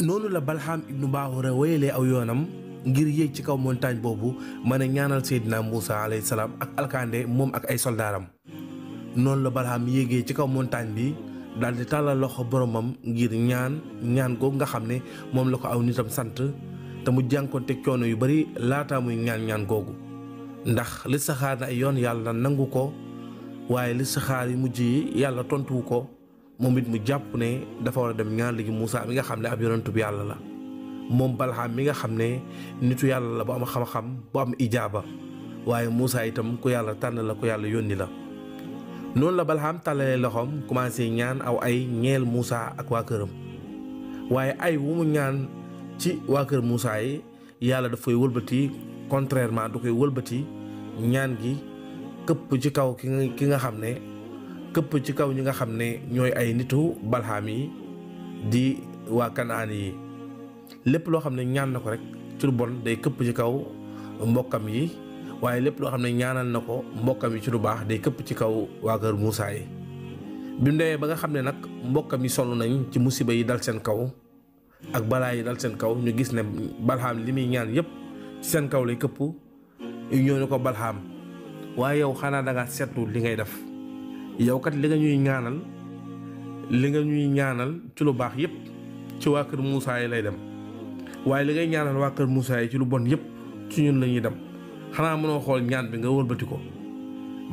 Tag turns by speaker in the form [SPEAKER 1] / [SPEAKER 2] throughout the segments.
[SPEAKER 1] noonu la Balham ibnu Baahura wéyalee aw yoonam ngir yéeg ci kaw montagne boobu mën a ñaanal Seydina Moussa alayhi salaam ak alkaande moom ak ay soldaaram noonu la Balham yéegee ci kaw montagne bi daal di tàllal loxo boromam ngir ñaan ñaan googu nga xam ne moom la ko aw nitam sant te mu jànkoonte coono yu bari laataa muy ñaan ñaan googu ndax li saxaar na ay yoon yàlla nangu ko waaye li saxaar yi mujj yi yàlla tontuwu ko moom it mu jàpp ne dafa war a dem ñaan léegi Moussa mi nga xam ne ab yonantu bu yàlla la moom Balxaam mi nga xam ne nitu yàlla la bu am xam-xam bu am ijaaba waaye muusa itam ku yàlla tànn la ku yàlla yónni la noonu la Balxaam tàllalee loxoom commencé ñaan aw ay ñeel Moussa ak waa këram waaye ay wu mu ñaan ci waa kër Moussa yi yàlla daf koy wëlbati contrairement du koy wëlbati ñaan gi këpp ci kaw ki nga xam ne këpp ci kaw ñi nga xam ne ñooy ay nitu balxaam yi di waa kanaan yi lépp loo xam ne ñaan na ko rek ci lu bon day këpp ci kaw mbokkam yi waaye lépp loo xam ne ñaanal na ko mbokkam yi ci lu baax day këpp ci kaw waa kër Moussa yi bi mu demee ba nga xam ne nag mbokkam yi sonn nañ ci musiba yi dal seen kaw ak balaa yi dal seen kaw ñu gis ne balxaam li muy ñaan yépp seen kaw lay këpp ñoo ne ko balxaam waaye yow xanaa dangaa seetlu li ngay def yow kat li nga ñuy ñaanal li nga ñuy ñaanal ci lu baax yépp ci waa kër Moussa yi lay dem waaye li ngay ñaanal waa kër Moussa yi ci lu bon yépp ci ñun la ñuy dem xanaa mënoo xool ñaan bi nga wëlbati ko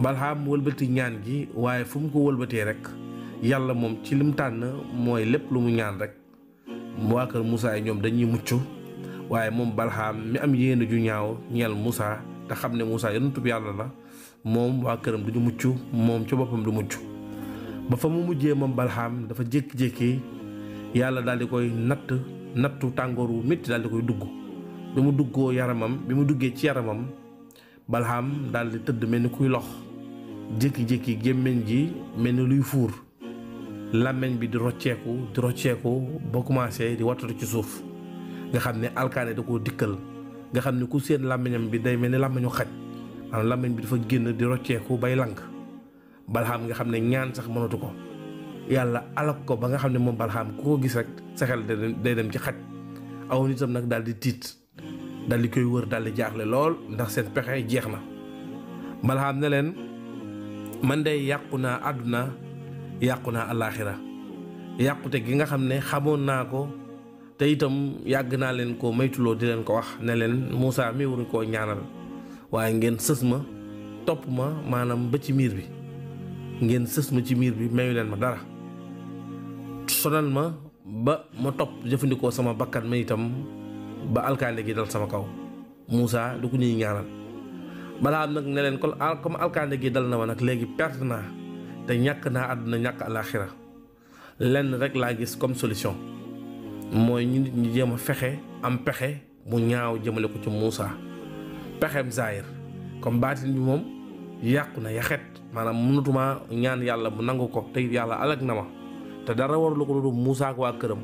[SPEAKER 1] balxaam wëlbati ñaan gi waaye fu mu ko wëlbatee rek yàlla moom ci lim tànn mooy lépp lu mu ñaan rek waa kër Moussa yi ñoom dañuy mucc waaye moom balxaam mi am yéene ju ñaaw ñeel Moussa te xam ne Moussa yonentub yàlla la moom waa këram du ñu mucc moom ci boppam du mucc ba fa mu mujjee moom balxaam dafa jékki-jékki yàlla daal di koy natt nattu tàngoor wu métti daal di koy dugg bi mu duggoo yaramam bi mu duggee ci yaramam balxaam daal di tëdd mel ni kuy lox jékki-jékki gémmiñ gi mel ni luy fuur làmmiñ bi di rocceeku di rocceeku ba commencé di wattatu ci suuf nga xam ne alkaane da koo dikkal nga xam ne ku seen làmmiñam bi day mel ni làmmiñu xaj maanaam làmmiñ bi dafa génn di rocceeku bay lank balxaam nga xam ne ñaan sax mënatu ko yàlla alak ko ba nga xam ne moom balxaam ku ko gis rek sa xel day dem ci xaj aw nitam nag daal di tiit daal di koy wër daal di jaaxle lool ndax seen pexe jeex na balxaam ne leen man de yàqu naa àdduna yàqu naa alaaxira yàqute gi nga xam ne xamoon naa ko te itam yàgg naa leen ko maytuloo di leen ko wax ne leen Moussa mi koo ñaanal waaye ngeen sës ma topp ma maanaam ba ci miir bi ngeen sës ma ci miir bi mayu leen ma dara sonal ma ba ma topp jëfandikoo sama bakkan ma itam ba alkaande gi dal sama kaw Moussa du ko ñuy ñaanal balaa nag ne leen kon comme alkaande gi dal na ma nag léegi perte naa te ñàkk naa àdduna ñàkk àllaaxira lenn rek laa gis comme solution mooy ñu nit ñi jéem a fexe am pexe mu ñaaw jëmale ko ci muusa pexem zaahir comme baatin bi moom yàqu na yaxet maanaam mënatuma ñaan yàlla mu nangu ko te yàlla alag na ma te dara warul ko doon Moussa ak waa këram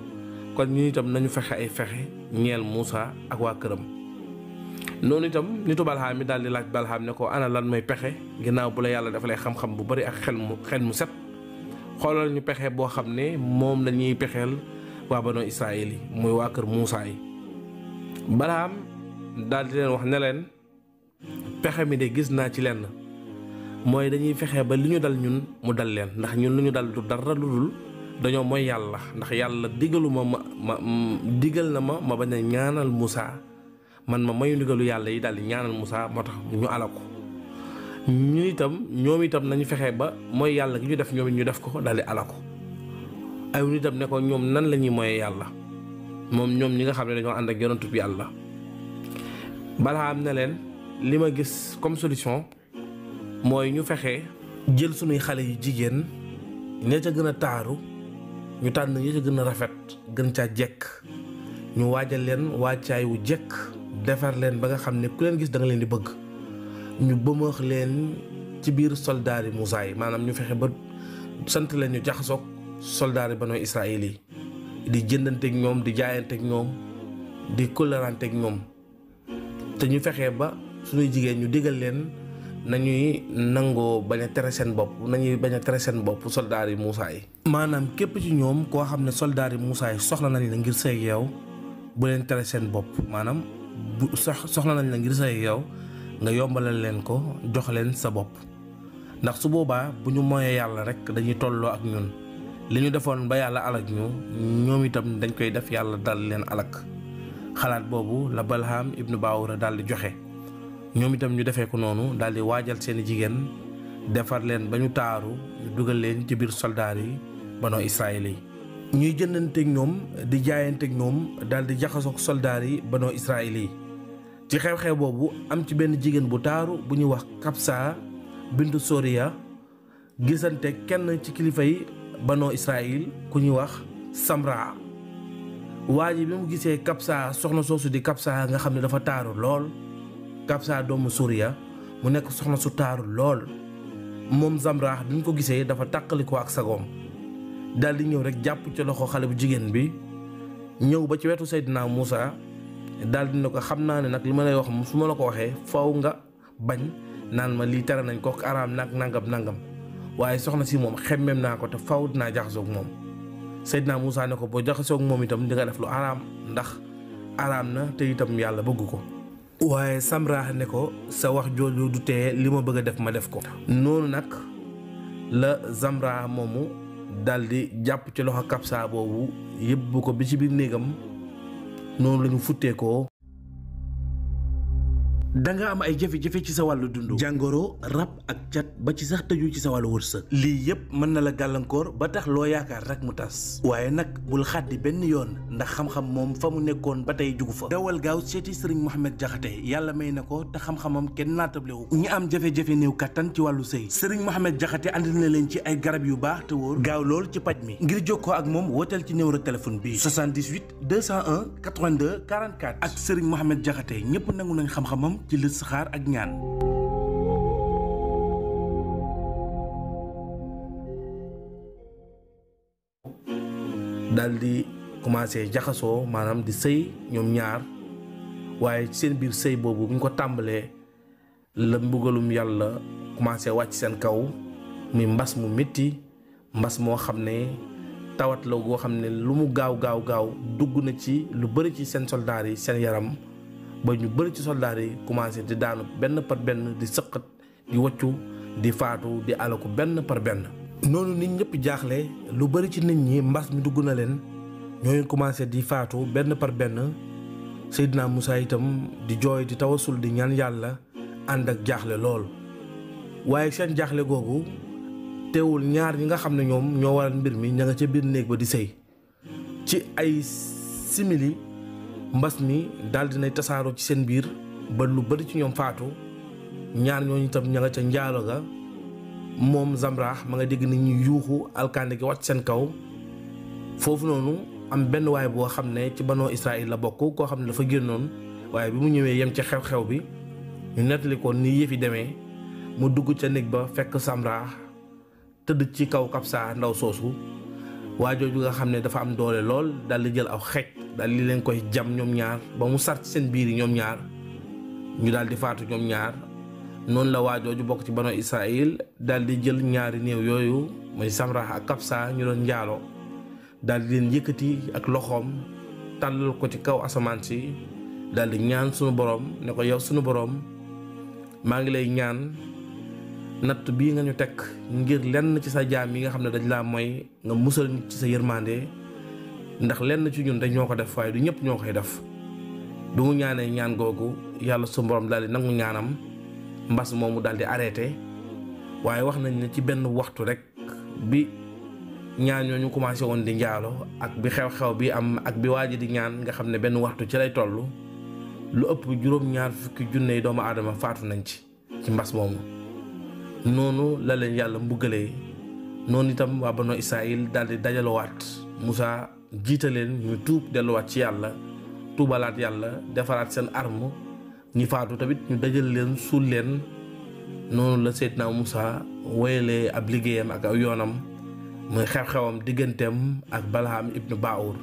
[SPEAKER 1] kon ñun itam nañu fexe ay fexe ñeel Moussa ak waa këram. noonu itam nitu balxaam mi daal di laaj balxaam ne ko ana lan mooy pexe ginnaaw bu la yàlla dafa lay xam-xam bu bari ak xel mu xel mu set xoolal ñu pexe boo xam ne moom lañuy pexeel waa ba banu Israël yi mooy waa kër Moussa yi balxaam daal leen wax pexe mi de gis naa ci lenn mooy dañuy fexe ba li ñu dal ñun mu dal leen ndax ñun lu ñu dal du dara lu dul dañoo mooy yàlla ndax yàlla digalu ma ma ma digal na ma ma bañ a ñaanal Moussa man ma mayu ndigalu yàlla yi dal di ñaanal Moussa moo tax ñu ala ko ñu itam ñoom itam nañu fexe ba mooy yàlla ki ñu def ñoom ñu def ko daal di ala ko ay nitam ne ko ñoom nan la ñuy mooyee yàlla moom ñoom ñi nga xam ne dañoo ànd ak yonantub yàlla balaa am na leen. li ma gis comme solution mooy ñu fexe jël sunuy xale yi jigéen ña ca gën a taaru ñu tànn ña ca gën a rafet gën caa jekk ñu waajal leen waacaay wu jekk defar leen ba nga xam ne ku leen gis danga leen di bëgg ñu bëmaax leen ci biir soldaar yi yi maanaam ñu fexe ba sant leen ñu jaxasoog soldaar yi ba nooy Israël yi di jëndanteeg ñoom di jaayanteeg ñoom di kóllaranteeg ñoom te ñu fexe ba. suñuy jigéen ñu digal leen nañuy nangoo bañ a tere seen bopp nañuy bañ a tere seen bopp soldaar yi yi. maanaam képp ci ñoom koo xam ne soldaar yi Moussa yi soxla nañ la ngir sëy yow bu leen tere seen bopp maanaam bu soxla nañ la ngir sëy yow nga yombalal leen ko jox leen sa bopp ndax su boobaa bu ñu moyee yàlla rek dañuy tolloo ak ñun li ñu defoon ba yàlla alak ñu ñoom itam dañ koy def yàlla dal leen alak xalaat boobu la Balham ibnu Baawura daal di joxe. ñoom itam ñu defee ko noonu daal di waajal seeni jigéen defar leen ba ñu taaru ñu dugal leen ci biir soldaar yi banoo Israël yi. ñuy jëndanteeg ñoom di jaayanteeg ñoom daldi di soldaar yi banoo Israël yi ci xew-xew boobu am ci benn jigéen bu taaru bu ñuy wax Kapsa bindu Soriya gisante kenn ci kilifa yi banoo Israël ku ñuy wax Samra. waa ji bi mu gisee Kapsa soxna soosu di Kapsa nga xam ne dafa taaru lool. Kabsa doomu Suuriya mu nekk soxna su taaru lool moom Zamra duñ ko gisee dafa tàqalikoo ak sagoom daal di ñëw rek jàpp ci loxo xale bu jigéen bi ñëw ba ci wetu Seydina Moussa daal di ne ko xam naa ne nag li ma lay wax su ma la ko waxee faw nga bañ naan ma lii tere nañ ko araam nag nangam nangam waaye soxna si moom xemmem naa ko te faw dinaa jaxasoog moom naa Moussa ne ko boo jaxasoog moom itam di def lu araam ndax araam na te yàlla bëgg ko waaye samraax ne ko sa wax jooju du tee li ma bëgg a def ma def ko noonu nag la samraax moomu daldi jàpp ci loxo kapsa boobu yëbbu ko bi ci biir néegam noonu lañu futtee ko da nga am ay jafe-jafe ci sa wàllu dundu jàngoro rab ak cat ba ci sax tëju ci sa wàllu wërsëg lii yépp mën na la gàllankoor ba tax loo yaakaar rek mu tas waaye nag bul xàddi benn yoon ndax xam-xam moom fa mu nekkoon ba tey jugu fa dawal gaaw seeti sëriñ Mohamed Diakhaté yàlla may na ko te xam-xamam kenn naatable wu ñi am jafe-jafe néew kattan ci wàllu sëy sëriñ Mohamed Diakhaté andi na leen ci ay garab yu baax te wóor gaaw lool ci paj mi ngir jokkoo ak moom wooteel ci numéro téléphone bi 78 201 82 44 ak sëriñ Mohamed Diakhaté ñëpp nangu nañ xam ci listixaar ak ñaan daal di commencé jaxasoo maanaam di sëy ñoom ñaar waaye ci seen biir sëy boobu bu ko tàmbalee la mbugalum yàlla commencé wàcc seen kaw muy mbas mu métti mbas moo xam ne tawat la goo xam ne lu mu gaaw gaaw gaaw dugg na ci lu bëri ci seen soldaar yi seen yaram ba ñu bëri ci soldaar yi commencé di daanu benn par benn di sëqat di waccu di faatu di alaku benn par benn. noonu nit ñëpp jaaxle lu bari ci nit ñi mbas mi dugg na leen ñooñu commencé di faatu benn par benn Seydina Moussa itam di jooy di tawasul di ñaan yàlla ànd ak jaaxle lool waaye seen jaaxle googu teewul ñaar ñi nga xam ne ñoom ñoo waral mbir mi ña nga ca biir néeg ba di sëy ci ay simili. mbas mi daldi dinay tasaaroo ci seen biir ba lu bari ci ñoom faatu ñaar ñooñu itam ña nga ca njaalo ga moom Zamraax ma nga dégg nit ñi yuuxu alkande gi wàcc seen kaw foofu noonu am benn waay boo xam ne ci banoo Israël la bokk koo xam ne dafa génnoon waaye bi mu ñëwee yem ci xew-xew bi ñu nettali ko ni yëf yi demee mu dugg ca néeg ba fekk Zamraax tëdd ci kaw kapsa ndaw soosu waa jooju nga xam ne dafa am doole lool dal di jël aw xej dal di leen koy jam ñoom ñaar ba mu sar ci seen biir yi ñoom ñaar ñu daal di faatu ñoom ñaar noonu la waa jooju bokk ci banu Israël daal di jël ñaari néew yooyu mooy Samra ak Kapsa ñu doon njaaloo daal di leen yëkkati ak loxoom tàllal ko ci kaw asamaan si daldi di ñaan sunu borom ne ko yow sunu borom maa ngi lay ñaan. natt bii nga ñu teg ngir lenn ci sa jaam yi nga xam ne dañ laa mooy nga musal ci sa yërmande ndax lenn ci ñun dañoo ko def waaye du ñëpp ñoo koy def du mu ñaanee ñaan googu yàlla su borom daal di nangu ñaanam mbas moomu daal di arrêté waaye wax nañ ne ci benn waxtu rek bi ñaan ñoo ñu commencé woon di njaalo ak bi xew-xew bi am ak bi waaj di ñaan nga xam ne benn waxtu ci lay toll lu ëpp juróom-ñaar fukki junne yi doomu aadama faatu nañ ci ci mbas noonu la leen yàlla mbugalee noonu itam waa banu Israayil daal di dajalawaat Moussa jiite leen ñu tuub delluwaat ci yàlla tuubalaat yàlla defaraat seen armu ñi faatu tamit ñu dajal leen suul leen noonu la Seydina Moussa woyalee ab liggéeyam ak aw yoonam muy xew-xewam digganteem ak Balham ibnu Baour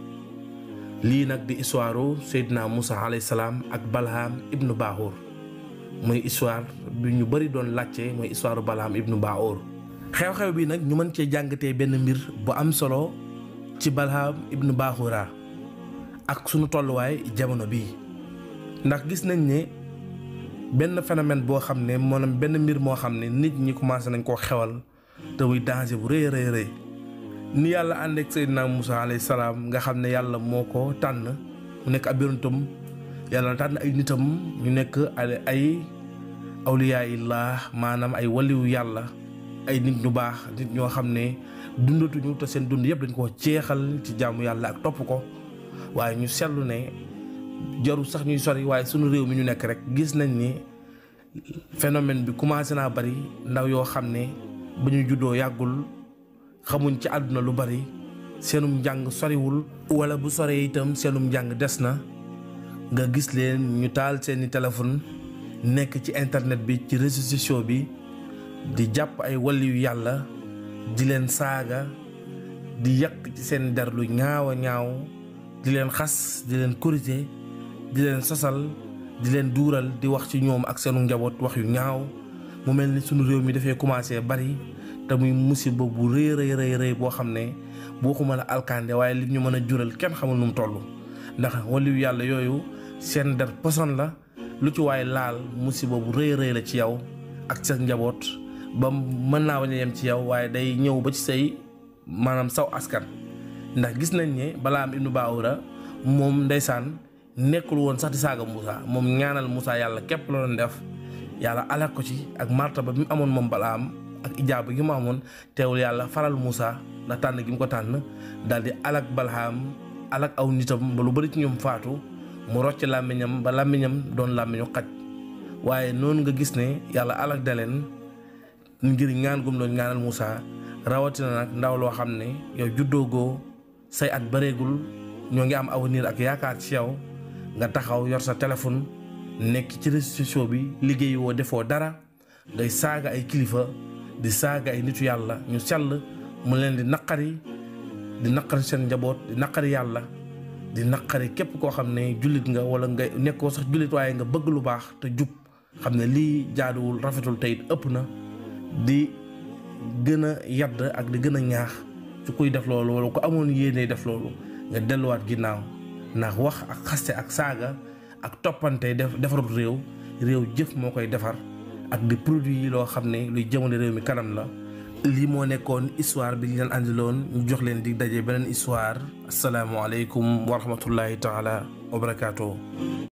[SPEAKER 1] lii nag di histoire Seydina Moussa alayhi salaam ak Balham ibnu Baour mooy histoire bi ñu bëri doon laajte mooy histoire Balaam ibnu Baor xew-xew bii nag ñu mën cee jàngatee benn mbir bu am solo ci Balaam ibnu Baora ak sunu tolluwaay jamono bii ndax gis nañ ne benn phénomène boo xam ne maanaam benn mbir moo xam ne nit ñi commencé nañ koo xewal te muy danger bu rëy rëy rëy ni yàlla ànd ak Seydina Moussa alayhi salaam nga xam ne yàlla moo ko tànn mu nekk ab yonentam yàlla na tànn ay nitam ñu nekk ay laa maanaam ay waliwu yàlla ay nit ñu baax nit ñoo xam ne dundatuñu te seen dund yëpp dañ koo ceexal ci jaamu yàlla ak topp ko waaye ñu seetlu ne jaru sax ñuy sori waaye sunu réew mi ñu nekk rek gis nañ ni phénomène bi commencé naa bari ndaw yoo xam ne ba ñu juddoo yàggul xamuñ ci àdduna lu bari seenum njàng soriwul wala bu soree itam seenum njàng des na nga gis leen ñu taal seeni téléphone nekk ci internet bi ci réseaux sociaux bi di jàpp ay waliyu yàlla di leen saaga di yàq ci seen der lu ñaaw a ñaaw di leen xas di leen korité di leen sosal di leen duural di wax ci ñoom ak seenu njaboot wax yu ñaaw mu mel ni sunu réew mi dafay commencé bari te muy musiba bu rëy rëy rëy boo xam ne boo ko la a alkande waaye li ñu mën a jural kenn xamul nu mu toll ndax waliyu yàlla yooyu seen der poson la lu ci waay laal musiba bu rëy rëy la ci yow ak sa njaboot ba mën naa bañ yem ci yow waaye day ñëw ba ci say maanaam saw askan ndax gis nañ ne Balaam ibnu Baawura moom ndeysaan nekkul woon sax di saaga Moussa moom ñaanal Moussa yàlla képp la doon def yàlla alal ko ci ak martaba bi mu amoon moom Balaam ak ijaaba gi mu amoon teewul yàlla faral Moussa ndax tànn gi mu ko tànn daal di alak Balaam alak aw nitam ba lu bari ci ñoom faatu mu rocc làmmiñam ba làmmiñam doon làmmiñu xaj waaye noonu nga gis ne yàlla alak daleen ngir ñaan gum doon ñaanal Moussa rawatina nag ndaw loo xam ne yow juddoogoo say at bëreegul ñoo ngi am avenir ak yaakaar ci yow nga taxaw yor sa téléphone nekk ci réseaux bi liggéey woo defoo dara ngay saaga ay kilifa di saaga ay nitu yàlla ñu sell mu leen di naqari di naqari seen njaboot di naqari yàlla di naqari képp koo xam ne jullit nga wala nga nekkoo sax jullit waaye nga bëgg lu baax te jub xam ne lii jaaduwul rafetul tey ëpp na di gën a yadd ak di gën a ñaax ci kuy def loolu wala ku amoon yéene def loolu nga delluwaat ginnaaw ndax wax ak xaste ak saaga ak toppante def defarut réew réew jëf moo koy defar ak di produit yi loo xam ne luy jëmale réew mi kanam la lii moo nekkoon histoire bi ñu leen andiloon ñu jox leen di daje beneen histoire asalaamualeykum wa rahmatullahi taala wa